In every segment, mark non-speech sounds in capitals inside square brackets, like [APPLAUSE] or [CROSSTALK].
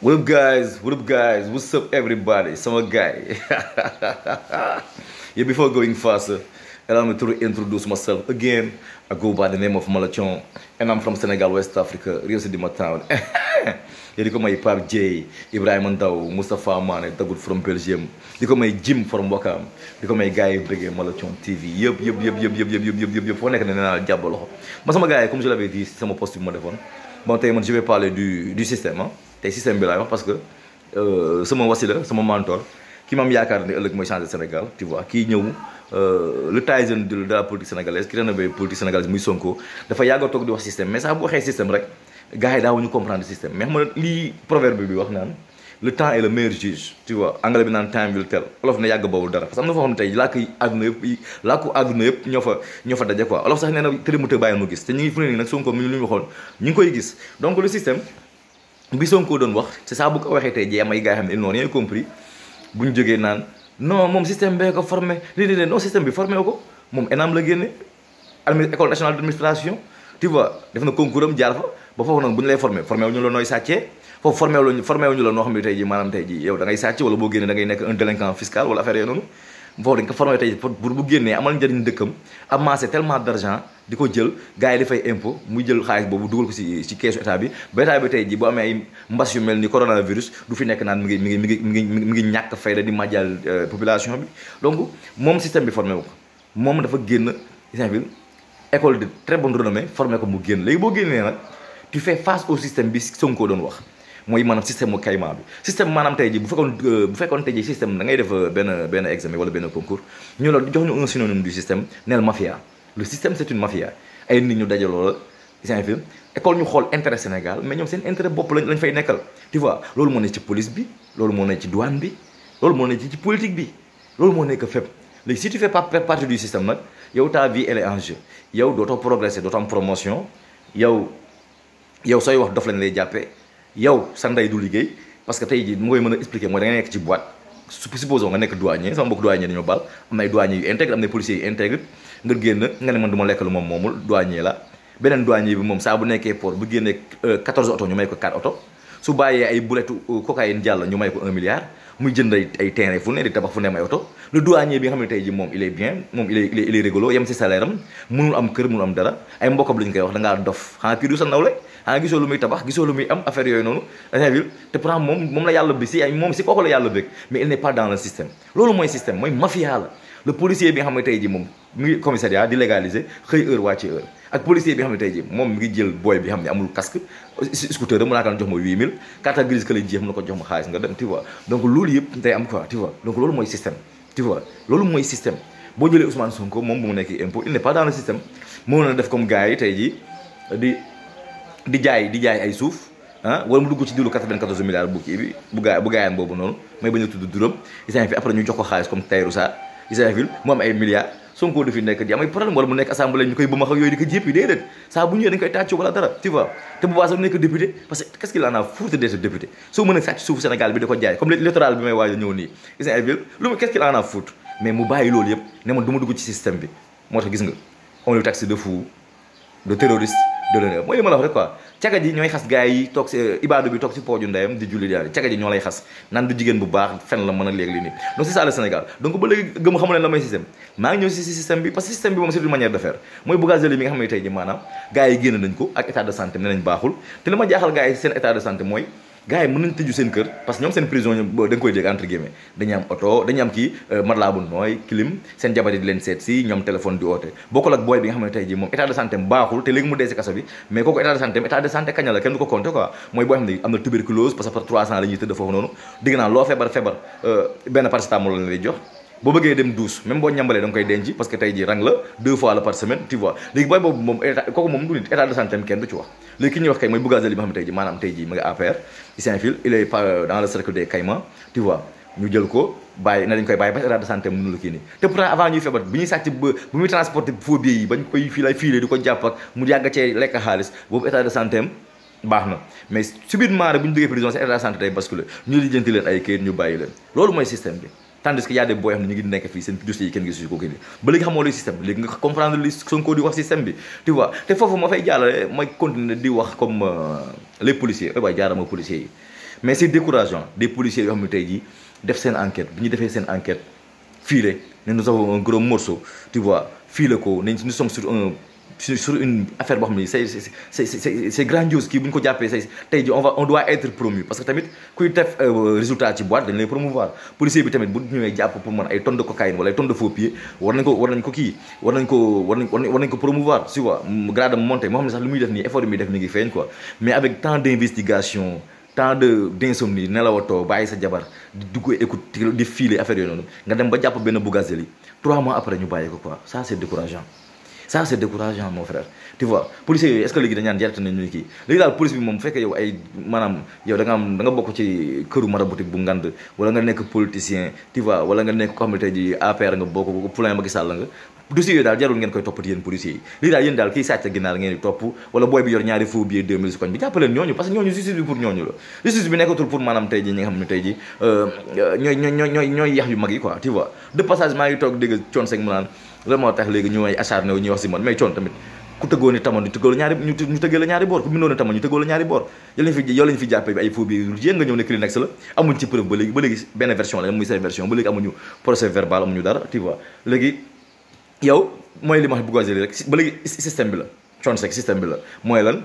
What up guys? What up guys? What's up everybody? Summer guy. [LAUGHS] yeah, before going faster, allow me to introduce myself again. I go by the name of Malachon and I'm from Senegal, West Africa, Rio City, my town. [LAUGHS] yeah, they call my Pap J, Ibrahim Ndao, Mustafa Mane, Dagoud from Belgium. They call my Jim from Wakam. They call my guy Big Malachon TV. Yup, yup, yup, yup, yup, yup, yup, yup, yup, yup. On est dans le diable. Mais ça, gars, comme je l'avais dit, c'est mon poste du téléphone. Bon, je vais parler du, du système. Hein? tey système bi laay ya, wax parce que eh, sama wasila sama mentor ki ma yakar ni ne moy mooy changer Sénégal tu vois kii ñëw le taizen de la politique sénégalaise ki rénové politique sénégalaise muy Sonko dafa yago tok di wax système mais sax bu waxé système rek gaay da wuñu comprendre système mais xam li proverbe bi wax naan le temps est le meilleur juge tu vois anglais bi naan time will tell olof na yag bawul dara parce que am na foo xam tay tey làkk àdduna yëpp làkku àdduna yëpp ñoo ñofa ñoo fa quoi olof sax néna trimuté bayal mu gis té ñi fune ni nak Sonko mi ñu waxon ñi ngi koy gis donc le système bi ko doon wax te saa bu ko waxee tey jii am ay gars xam ne ils n'ont rien compris bu ñu jógee naan non moom système bee ko formé lii di leen non système bi formé ko moom ENAM la génne admi ba foofu nag bu ñu lay formé formé wu ñu la nooy sàccee foofu formé wu ñu la noo xam ne tey jii maanaam tey jii yow da ngay sàcc boo génnee da nekk un délinquant fiscal wala affaire yooyu noonu boobu dañ ko formé tey d' argent di ko jël gars yi di fay impôt muy boobu dugal ko si si keesu état bi ba état bi tey ji amee ay mbas yu mel ni coronavirus du fi nekk naan mi ngi mi ngi mi ngi mi ngi mi ngi ñàkk fayda di majal euh, population bi donc moom système bi formé wu ko moom dafa génn Saint-Ville école de très bonne renommée formé ko mu génn léegi boo génnee nag tu fais face au système bi Sonko doon wax mooy manam système mu caïman bi système manam tayji bu fekkon euh, bu fekkon tayji système da ngay def ben ben examen wala ben concours ñu la jox ñu un synonyme du système nel mafia le système c'est une mafia ay nit ñu dajaloo la seen film école ñu xol intérêt Sénégal mais ñom seen intérêt bop lañ lañ fay nekkal tu vois loolu mo ne ci police bi loolu mo ne ci douane bi loolu mo ne ci politique bi loolu moo nekk fépp mais si tu fais pas partie du système nak yow ta vie elle est en jeu yow doto progresser doto am promotion yow yow soy wax dof lañ lay jàppee yow sa ndey du liggéey parce que tey jii mu koy mën a expliquer mooy da nekk ci boîte supposons nga nekk douanier sama mbokk douanier dañoo baal am nay douanier yu intègre am nay policiers yu intègre nga génn nga ne man du ma lekk lu moom moomul douanier la beneen douanier bi moom saa bu nekkee port bu génnee 14 euh, oto ñu may ko 4 oto su bàyyee ay buletu euh, cocaïne jàll ñu may ko 1 milliard muy jënd ay ay terrain fu ne di tabax fu ne may oto le douanier bi nga xam ne tey ji moom il est bien moom il est il est rigolo yem si salaire am mënul am kër mënul am dara ay mbokam lañ koy wax da ngaa dof xanaa kii du sa nawle xanaa gisoo lu muy tabax gisoo lu muy am affaire yooyu noonu avil te pourtant moom moom la yàlla bi si moom si kooku la yàlla bëgg mais il n'est pas dans le système loolu mooy système mooy mafia la le policier bi nga xam ne tey ji moom mi ngi commissariat di légaliser xëy heure wàcce heure moom ngi jël booy bi xam ne amul casque scooter mu laataan jox ma 8000 carte grise que lañ jeex jox ma xaalis nga mooy système tu vois moom bu mu nekk impôt il n'est pas dans def tey ji di di jaay di jaay ay suuf ah wala mu dugg ci dilu 94 bu gaayam boobu noonu may bañ a tudd duram isaan fi après ñu jox ko xaalis comme Tayrou Sarr Israël mu am ay milliards Sonko du fi nekk di am ay problème wala mu nekk assemblée ñu koy ba ma ak yooyu di ko jéppi déedéet saa bu ñëwee dañ koy tàccu comme littoral bi may waaj ñëw nii Israël lu mu qu'est-ce qu'il en a mais mu bàyyi loolu yëpp ne man du dugg ci système bi moo tax gis nga on le taxe de fou de terroriste de l'honneur mooy li ma la wax rek quoi caga ji ñooy xas gars yi toog si euh, ibaadu bi toog si pooju ndeyam di julli daal caga ji ñoo lay xas naan du jigéen bu baax fen la mën a léegi li nii donc c'est ça le Sénégal donc ba léegi gëm xamul leen la may système maa ngi ñëw si système bi parce système bi moom c'est une manière de faire mooy Bougazelli mi nga xam ne tey ji maanaam gars yi génn nañ ko ak état de santé ne nañ baaxul te li ma jaaxal gars yi seen gars yi mën nañ seen kër parce que ñoom seen prison ñoom da koy dégg entre guillemets dañuy am oto dañuy am kii euh, matelas bu nooy clim seen jabar yi di leen seet si ñoom téléphone di oote bokkul ak booy bi nga xam ne tey jii moom de santé ci Saint-Fil il est euh, dans le cercle des Caïmans tu vois ñu jël ko bàyyi na dañ koy bàyyi ba état de santé mënul kii nii te pourtant avant ñuy feebar bi ñuy sàcc ba bu muy transporté phobie yi bañ koy fii la fiile di ko jàpp mu yàgg cee lekk xaalis boobu état de santé baax na mais subitement rek bu ñu duggee prison seen état de santé day basculer ñu lijjanti leen ay kayit ñu bàyyi leen loolu mooy système bi tan que y a des booy xam ne ñu ngi nekk fii seen dossier yi kenn gisuñu ko ba léegi xamoo luy système léegi nga comprendre li Sonko di wax système bi tu vois te foofu ma fay jàllale may continuer di wax comme euh, les policiers ay eh waay jaarama policiers yi mais c'est décourageant des policiers yoo xam ne tey def seen enquête bi ñu defee seen enquête fiile ne nous avons un gros morceau tu vois fiile ko ne nous sommes sur sur une affaire boo c'est c'est c'est c'est grandiose qui buñ ko jappé c'est on va on doit être promu parce que tamit kuy def euh, résultat ci boîte dañ lay promouvoir policier bi tamit bu ñëwee japp pour man ay tonnes de cocaïne wala ay tonnes de faux pieds war nañ ko war nañ ko ki war nañ ko war nañ ko promouvoir tu vois grade am monté mo xamni sax lu muy def ni effort yi def ni ngi feeñ quoi mais avec tant d'investigation tant de d'insomnie nelawatoo baye sa jabar di ko écoute di filer affaire yo noonu nga dem ba japp ben bougazeli 3 mois après ñu bàyyi ko quoi ça c'est décourageant ça c'est décourageant mon frère tu vois police yooyu est-ce que léegi dañu naan jarte nañu kii léegi daal police bi moom bu fekkee ay maanaam yow da am da bokk ci këru maraboutique bu ngand wala nga nekk politicien tu vois wala nga nekk ko xam ne tey ji yooyu daal jarul ngeen koy toppati yéen policiers yi lii daal yéen daal kii sàcc ginaar ngeen topp wala booy bi yor ñaari faux billets 2000 si koñ bi jàppaleen ñooñu parce ñooñu justice bi ngi toog dégg la moo tax léegi ñu ay acharné wu ñuy wax Simone mais coon tamit ku tëggoon ni tamoon ñu tëggoo la ñaari ñu tëggee la ñaari boor ku bindoon ni tamoon ñu tëggoo la ñaari boor yow lañ fi yow bi ay faux bi yéen nga ñëw ne Kleenex la amuñ ci preuve ba léegi ba léegi benn version la muy seen version ba léegi amuñu procès verbal amuñu dara tu léegi yow mooy li ma wax Bougazelli rek ba léegi système bi la coon sec système bi la mooy lan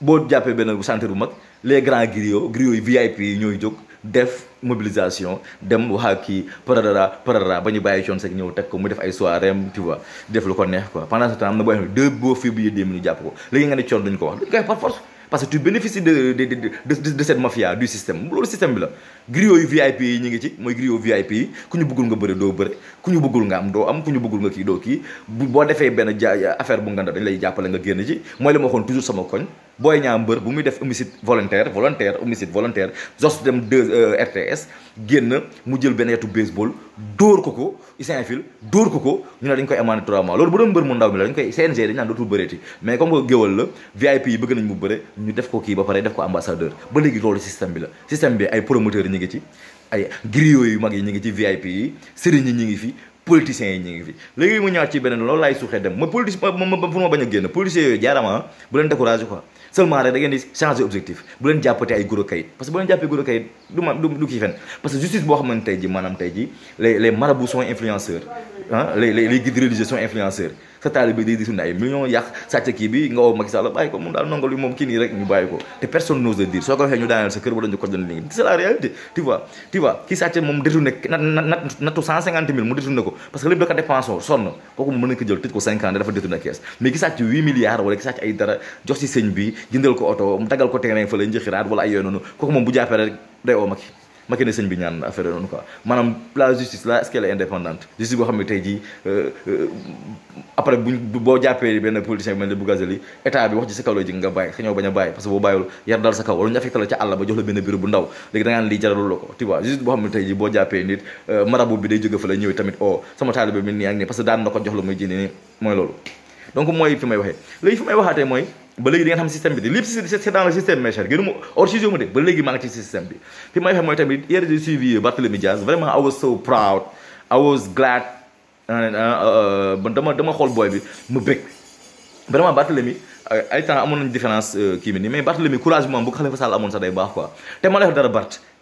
boo jàppee benn centre bu mag les grands griots griots yi VIP yi ñooy jóg def mobilisation dem waaki parara parara bañu ñu bàyyi coon sek ñëw ko mu def ay soirée tu vois def lu ko neex quoi pendant ce temps am na boo xam ne deux boo février ñu japp ko léegi nga ne coon duñ ko wax duñ koy par force parce que tu bénéficies de de de de, de, de cette mafia du système loolu système bi la griot yu VIP yi ñu ngi ci mooy griot VIP yi ku ñu bëggul nga bëri doo bëri ku ñu bëggul nga am doo am ku ñu bëggul nga kii doo kii boo defee benn ja affaire bu nganda dañ lay jàppale nga génn ci mooy li ma waxoon toujours sama koñ booy ñaa mbër bu muy def homicide volontaire volontaire homicide volontaire jos dem 2 euh, RTS génn mu jël benn yetu baseball dóor ko ko Usain Fil dóor ko ko ñu ne dañ koy amandé 3 mois loolu bu doon mbër mu ndaw la dañ koy CNG dañ naan dootul bëreeti ko kii ba pare def ko ambassadeur ba bi la ngi ci ay griot yu mag yi ñu ngi ci VIP yi sëriñ yi ñu ngi fi politiciens yi ñu ngi fi léegi mu ñëwaat ci beneen loolu laay suuxee dem ma politique ma ma pour génn politiciens yooyu jaarama bu leen découragé quoi seulement rek da ngeen di changer objectif bu leen jàppate ay guro kayit parce que bu leen jàppee guro kayit du ma du du kii fen parce que justice boo xamante tey ji maanaam tey ji les les marabouts sont influenceurs ah les les guides religieux sa taalibe day di suñu ay millions yàq sàcc kii bi nga woo Macky Sall bàyyi ko moom daal nangal moom kii nii rek ñu bàyyi ko te personne n'ose le dire soo ko sa kër moom détourné na nattu cent cinquante mille mu détourné ko parce que lépp da ko dépensé sonn kooku mën nañ ko jël tëj ko cinq ans dafa détourné kees mais ki sàcc huit milliards wala ki sàcc ay dara jox si sëñ bi jëndal ko oto dagal ko terrain fa la njëxiraat wala ay yooyu kooku moom bu Macky ne sëñ bi ñaan la indépendante justice boo xam ne tey jii euh, euh, après buñ boo jàppee benn politicien bi mel ne Bougazelli état wax ci sa kaw lay jig nga bàyyi sa ñëw bañ a bàyyi parce boo bàyyiwul boo jàppee nit euh, marabu bi day jóge fa la ñëw tamit o oh, sama taalibe nii ak nii parce daan na ko jox la muy jini nii mooy loolu donc mooy fi may waxee léegi fi may waxaatee mooy ba léegi di ngeen xam système bi di lépp c'est dans le système mes chers gënuma hors sujet mu de ba léegi maa ngi ci système bi fi may xam mooy tamit hier j'ai suivi Barthélémy Diaz vraiment I was so proud I was glad euh, dama dama xool booy bi mu bëgg vraiment Barthélémy euh, ay temps amoon nañu différence euh, kii bi nii mais Barthélémy courage bi moom bu ko Khalifa Sall amoon sax day baax quoi te ma lay wax dara Bart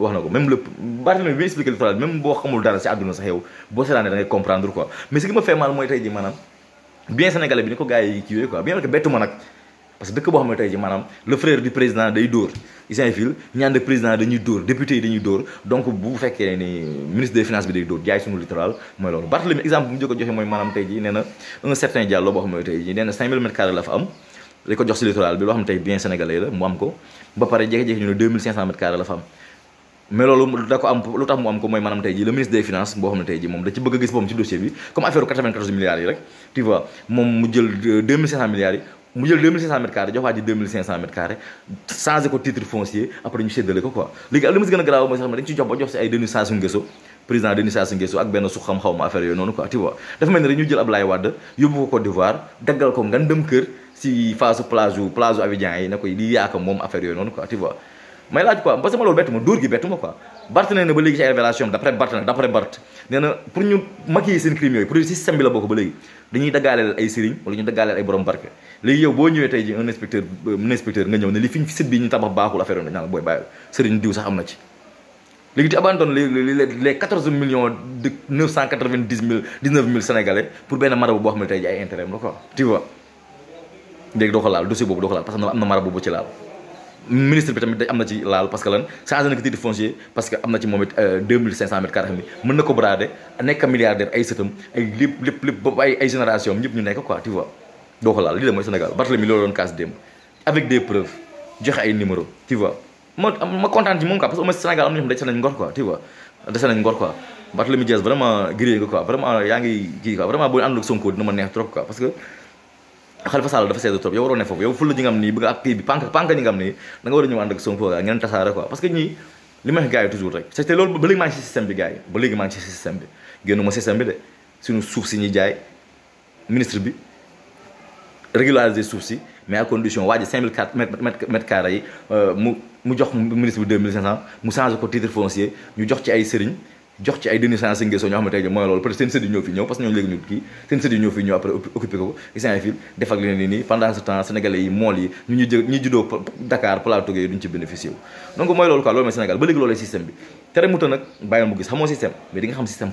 wax na ko même le Barthélemy bi expliqué le faral même boo xamul dara si àdduna sax yow boo seetaanee da comprendre quoi mais ce qui me fait mal mooy tey ji maanaam bi ni ko gars yi kii yooyu quoi bien fekkee ni ministre des finances bi day dóor jaay suñu littoral mooy loolu Barthélemy exemple mu jëkk a joxe mooy maanaam tey ji nee na un certain Diallo boo xam ne tey ji nee na 5000 la fa am dañ ko jox si littoral bi loo xam ne tey mais loolu da ko am lu tax mu am ko mooy maanaam tey ji le ministre des finances boo xam ne tey ji moom da ci bëgg a gis moom ci dossier bi comme affaire yooyu noonu quoi tu dafa mel ni rek ñu jël Ablaye Wade yóbbu ko Côte d'Ivoire daggal ko ngan dem kër si phase plage plage Abidjan yi ne koy lii yaaka moom affaire yooyu noonu quoi tu may laaj quoi parce que ma loolu bettu ma dóor gi bettu ma quoi Barth nee na ba léegi ci ay révélation d'après Barth nag d'après Barth pour ñu maquiller seen crime yooyu pour système bi la bokk ba léegi dañuy daggaaleel ay sëriñ wala ñu daggaaleel ay borom barke léegi yow boo ñëwee tey ji un inspecteur nga ñëw ne li fi ñu bi ñu tabax baaxul affaire yoon dañu naan booy bàyyil sëriñ diw sax am na ci léegi tu abandonnes les les 14 millions de 990 ministre bi tamit day am na ci laal parce que lan changé na ko titre foncier parce que am na ci moom it 2500 euh, mètres carrés mi mën na ko brader nekk milliardaire ay sëtam ay lépp lépp lépp ay génération am ñu xam ne dese nañ ngor quoi ngor quoi. Barthélemy Dias vraiment grillé nga quoi vraiment yaa ngi kii quoi vraiment boo àndul ak Sonko dina ma neex trop quoi parce que. Khalifa Sall dafa seetlu trop yow waroo ne foofu yow ful ji nga am nii bëgg ak kii bi pank pank ñi nga am nii da war a ñëw ànd ak Sonko ak ñeneen tasaare quoi parce que ñii li may wax gars yi toujours rek c'était loolu ba léegi maa ngi ci système bi gars yi système bi de suñu suuf si ñuy jaay ministre bi régulariser suuf si mais à condition waa ji 5000 mètres mètres carrés yi euh, mu mu jox ministre bi 2500 mu changé ko titre foncier ñu jox ci ay sëriñ jox ci ay deni science yi ngeesoo ñoo xam ne tey jii mooy loolu peut-être seen sëdd ñoo fi ñëw parce que ñooñu léegi ñu kii seen sëdd ñoo fi ñëw après occupé ko isant fil def ak leneen nii pendant ce temps sénégalais yi mool yi ñu ñu juddoo Dakar Plateau yi duñ ci bénéficié wu donc mooy loolu quoi loolu mooy ba léegi loolu système bi tere mu ta nag bàyyil mu gis xamoo système mais di nga xam système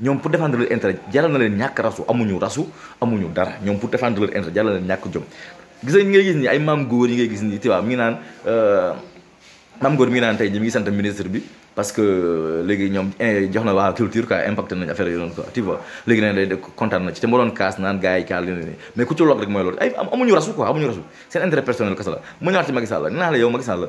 ñoom pour défendre leur intérêt jaral na leen ñàkk rasu amuñu rasu amuñu dara ñoom pour défendre leur intérêt jaral na leen ñàkk jom gis nga ngay gis ni ay maam góor yi ngay gis ni tubaab mi naan euh, maam góor mi ngi naan tey ngi sant ministre bi parce que euh, léegi ñoom eh, jox na waa culture quoi impacté nañ affaire yi doon quoi tu kontaan na ci te ma doon kaas naan gars kaa li ni mais ku ci loog rek mooy loolu ay amuñu rasu quoi amuñu rasu seen intérêt personnel kese la mu ñëwaat ci Macky Sall la nee naa la yow Macky Sall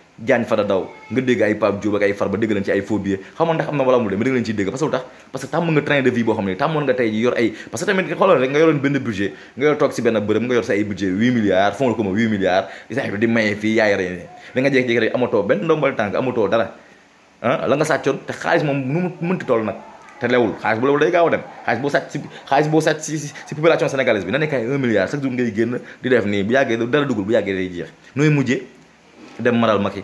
fa da daw nga deg ay pap Diop ak ay ba deg lan ci ay phobie xam nga ndax amna wala amul de deg lan ci deg parce que tax parce que tam nga train de vie bo xam tamone tàmmoon nga tey yor ay parce que tamit nga xolone rek nga yoroon benn budget nga yor tok ci benn beureum nga yor sa ay budget 8 milliards fond ko ma 8 milliards isax di maye fi yaay rey ne nga jek jek rek amoto benn ndombal tank amoto dara ah la nga satchon te xaliss mom nu mu tol nak te lewul xaliss bu lewul day gaaw dem xaliss boo sat ci xaliss boo sat ci ci population sénégalaise bi na nekay 1 milliard chaque jour ngay genn di def ni bu yagge dara dugul bu yagge day jeex noy mujjé dem maral Macky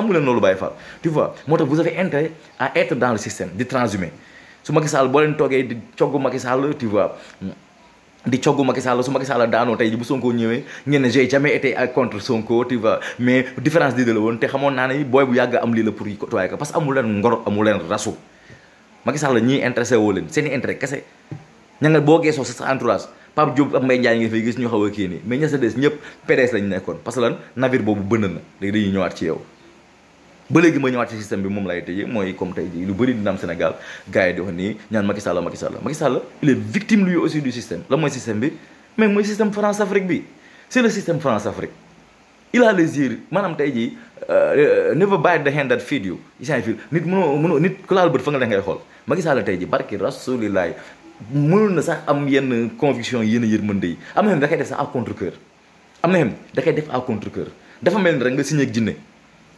xamu leen loolu Baye Fall tu vois moo tax vous avez intérêt à être dans le système di transhumer su Macky Sall boo leen toogee di cogg Macky Sall tu vois di cogg Macky Sall su Macky Sall daanoo tey ji bu Sonko ñewé ñene ne j'ai jamais été contre Sonko tu vois mais différence di la woon té xamone naa ne boy bu yag am li le pour tuwaay ko parce amul len ngor amul len rasou Macky Sall ñi intéressé wo len seen intérêt kessé ñanga bo gesso sa entourage pap job ak may Ndiaye nga fay gis ñu xawé a kii mais ña dess ñep pédès lañ nekkoon parce lan navire bobu bënn na léegi dañuy ñëwaat ci yow ba léegi ma ñëwaat ci système bi moom laay tëjee mooy comme tey jii lu bëri dina am Sénégal gars yi di wax nii ñaan Macky Sall Macky Sall Macky Sall il est victime lui aussi du système la mooy système bi mais mooy système France Afrique bi c'est le système France Afrique il a les yeux maanaam tey jii euh, never bite the hand that feed you isaan fii nit mënoo mënoo nit ku laal bët fa nga leen ngay xool Macky Sall tey jii barki rasulilaay mënul na sax am yenn conviction yenn yërmande yi am na xam da koy def sax contre cœur am na xam da def à contre cœur dafa mel ni rek nga signé ak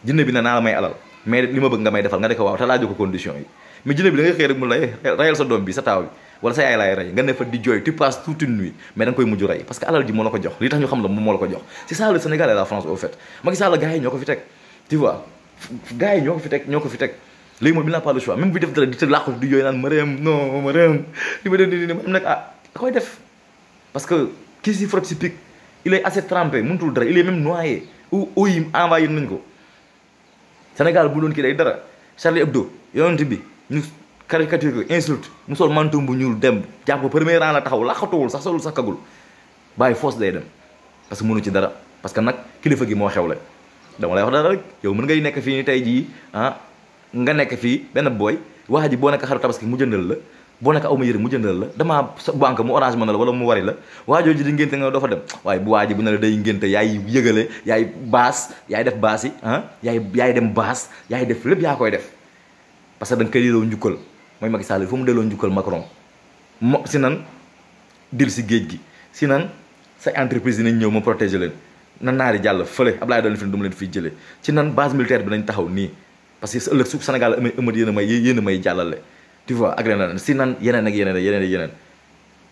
jinne bi na naa la ah, may alal mais lima bëgg nga may defal nga ne waaw ta laaju ko condition yi mais jinne bi da nga xëy rek mun la rayal sa dom bi sa taw bi wala sa ay lay ray nga ne fa di joy tu passes toute une nuit mais dang koy muju ray parce que alal ji mo la ko jox li tax ñu xam la mo la ko jox c'est ça le Sénégal et la France au fait magi Sall gars yi ñoo fi tek tu vois gaay ñoko fi tek ñoko fi tek léegi moom il n'a pas le choix même bu def dara di te la ko di joy nan ma rem non Mariam li ma dee di ma am nak ah koy def parce que kii si frotte si pic il est assez trempé muntul dara il est même noyé ou ou yi envoyé nañ ko Sénégal bu doon kii day dara Charlie Hebdo yonent bi ñu caricature ko insulte mu bu ñuul dem jàpp premier rang la taxaw laxatuwul sax solul sax kagul bàyyi force day dem parce que mënu ci dara parce que nag kilifa gi moo xew xewle dama lay wax dara rek yow mën ngay nekk fii ni tey jii ah nga nekk fii benn booy waa ji boo nekk xaru tabaski mu jëndal la boo nekk aw ma yëre mu jëndal la damaa sa banque mu orange mën na la wala mu wari la waajoo ji di ngénte nga doo fa dem waaye bu waa ji bu ne day ngénte yaay yëgale yaay baas yaay def baas yi ah yaay yaay dem baas yaay def lépp yaa koy def parce que da nga koy njukkal mooy Macky Sall fu mu delloo njukkal Macron mo si nan dil si géej gi si nan say entreprise dinañ ñëw ma protéger leen na naari jàll fële Ablaye doon fi ne du leen fiy jëlee ci nan base militaire bi nañ taxaw nii parce que ëllëg a may yéen a may jàllale tu vois ak leneen si nan yeneen ak yeneen ak yeneen ak yeneen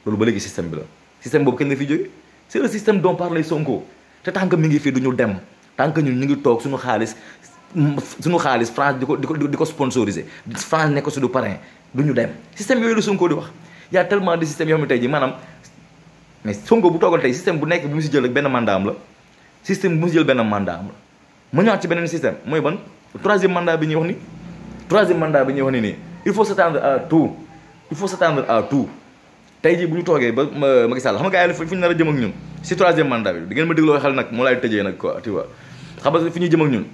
loolu ba léegi système bi la système boobu kenn la fi jóge c'est le système dont parlait Sonko te tant que mi ngi fii du ñu dem tant que ñun ñu ngi toog suñu xaalis suñu xaalis France di ko di ko di ko sponsoriser France nekk suñu parrain du ñu dem système yooyu la Sonko di wax y a tellement de système yoo xam ne tey ji maanaam mais Sonko bu toogal tey système bu nekk bu mu si jël ak benn mandat am la système bu mu si jël benn mandat am la ma ñëwaat ci beneen système mooy ban troisième mandat bi ñuy wax ni troisième mandat bi ñuy wax ni nii il faut s'attendre à tout il faut s'attendre à tout tey jii bu ñu toogee ba Macky Sall xam nga gars yi fu ñu nar a jëm ak ñun si troisième mandat bi di ngeen ma dégloo xel nag moo laay tëjee nag quoi tu vois xam nga fi ñuy jëm ak ñun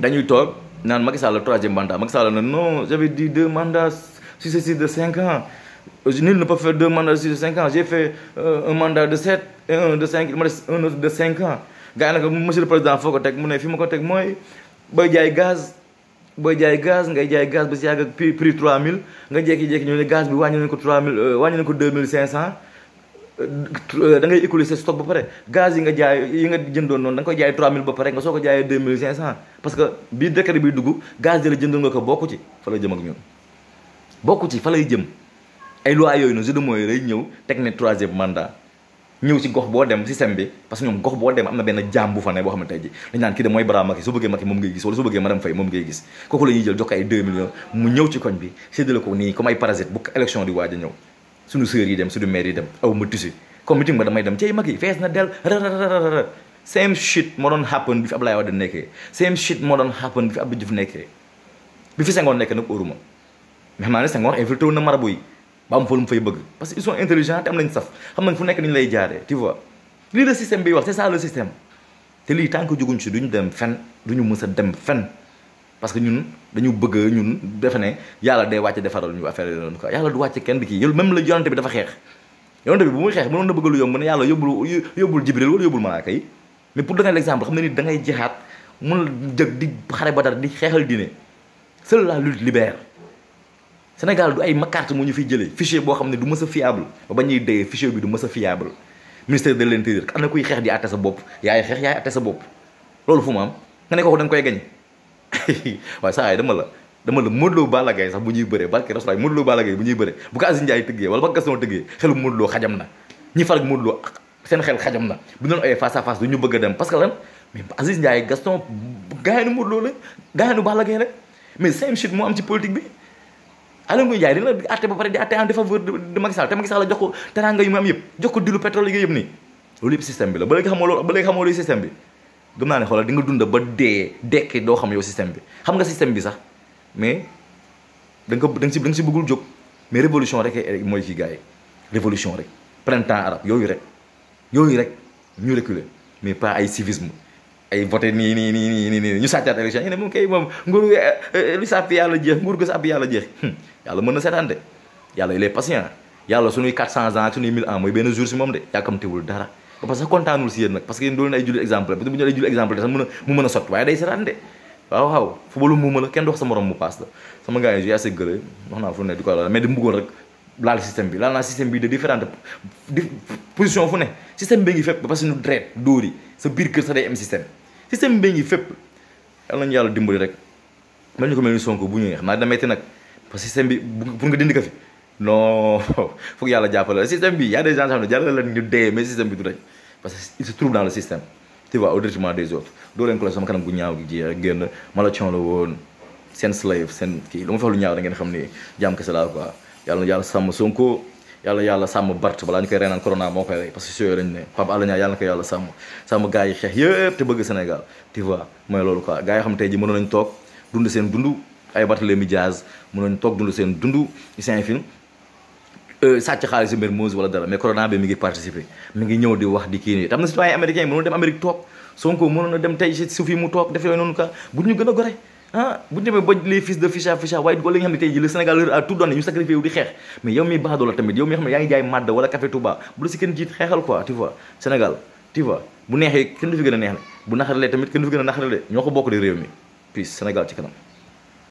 dañuy toog naan Macky Sall troisième mandat Macky Sall na non j'avais dit deux mandats successifs de cinq ans nul ne peut faire deux mandats successifs de cinq euh, un mandat de sept et de cinq il me reste un ans gars nag monsieur le président foo ko teg mu ne fi ma ko teg mooy bay jaay gaz booy jaay gaz ngay jaay gaz ba si yàgg ak prix prix nga jékki-jékki ñu ne gaz bi wàññi nañ ko 3000 euh, wàññi nañ ko 2500 euh, da ngay écouler sa stock ba pare gaz yi nga jaay yi nga jëndoon noonu da nga koy jaay 3000 ba pare nga soo ko jaayee 2500 parce que bii décret bi dugg gaz yi la jëndoon nga ko bokk ci fa lay jëm ak ñun bokku ci fa lay jëm ay loi yooyu noonu je de mooy lay ñëw teg ne troisième mandat ñëw si gox boo dem système bi parce que ñoom gox boo dem am na benn jaam bu fa ne boo a ñëw suñu sœurs yi dem suñu maire yi dem ma tusi comme meeting ba damay moo doon happen bi fi Abdoulaye Wade nekkee same shit moo doon happen bi fi Abdou Diouf fi Senghor nekkee nag óoruma mais xam naa ne Senghor invité wu na mara yi ba am fa mu fay bëgg parce que ils sont intelligents te am nañ saf xam nañ fu nekk ni ñu lay jaaree tu vois lii la système bi wax c'est ça le système te lii tant que juguñ si duñu dem fen duñu mës a dem fen parce que ñun dañu bëgg ñun defe ne yàlla day wàcc defaral ñu affaire yooyu quoi yàlla du wàcce kenn di kii yow même la yonante bi dafa xeex yonante bi bu muy xeex mënoon na bëgg lu yomb ne yàlla yóbbul yóbbul jibril wala yóbbul malaaka yi mais pour donner l'exemple xam jeexaat mun jëg di xare ba dara di xeexal diine seule la lutte libère Sénégal du ay macarte moo ñu fiy jëlee fichier boo xam ne du mës a fiable ba ba ñuy dee fichier bi du mës a fiable ministère de l'intérieur am na kuy xeex di àtte sa bopp yaay xeex yaay àtte sa bopp loolu fu mu am nga ne ko da nga koy gañ [LAUGHS] waaye saa yi dama la dama la Modou Lo Balla sax bu ñuy bëree barke Rasulullah Modou Lo Balla Gaye bu ñuy bëree bu ko Aziz Ndiaye tëggee wala ba Gaston tëggee xelu Modou xajam na ñi farak Modou Lo seen xel xajam na bu doon ay face à bëgg a parce que lan mais Aziz Ndiaye Gaston gaayanu Modou Lo la gaayanu Balla mais same shit moo am ci politique bi Aly Ngouille Ndiaye dina atte ba pare di atte en défaveur de Macky Sall te Macky Sall jox ko teranga yu mu am yëpp jox ko dilu pétrole yi nga yëpp nii loolu yëpp système bi la ba léegi xamoo loolu système bi xam nga système bi sax mais da nga da si da nga si bëggul jóg mais révolution rek mooy ci gars yi révolution rek printemps arabe yooyu rek yooyu rek ñu reculer mais pas ay civisme ay voté nii nii nii nii nii ñu sàccaat élection ñu ne moom kay moom nguur euh, euh, lu sàpp yàlla jeex nguur gu yàlla jeex yàlla mën na seetaan de yàlla il est patient yàlla suñuy 400 ans ak suñuy 1000 ans mooy benn jour si moom de yàkkamtiwul dara ba parce que kontaanul si yéen nag parce doolu na ay jullit exemple bu ñu ay jullit a a sot waaye day seetaan de waaw waaw footballu muuma la kenn dox sa morom mu la sama gars yi j' ai naa fu ne de différentes position fu ne système bi ngi fépp parce que ñu dret sa biir kër sa day am système système bi ngi fépp yàlla nañu yàlla dimbali rek mel parce que système bi pour nga dindi ko fi non [LAUGHS] foog yàlla jàppale système bi y a la ñu dee mais système bi du dañ parce que il se trouve dans le système tu vois au détriment des autres doo leen ko la sama kanam gu ñaaw gi ji génn malation la woon seen slave seen kii lu ma fex lu ñaaw da ngeen xam ne jaam kese laa quoi yàlla sàmm Sonko yàlla yàlla sàmm Bart balaa ñu koy reenaan corona moo koy rey parce que si yooyu ne Pape Alé Niang yàlla ay Barthélemy Diaz mënoon toog dund seen dund seen euh, film sàcc xaalis Mermoz wala dara mais corona bi mi ngi participer mi ngi ñëw di wax di kii nii tam na citoyen américain mënoon dem Amérique toog Sonko mënoon a dem tey si suuf yi mu toog def yooyu noonu ka bu ñu gën a gore ah bu ñu demee ba tamit yow mi xam ne yaa ngi jaay madda wala café Touba bu la si kenn jiit xeexal quoi tu vois Sénégal tu vois bu neexee kenn du gën a neex ne bu naxaralee a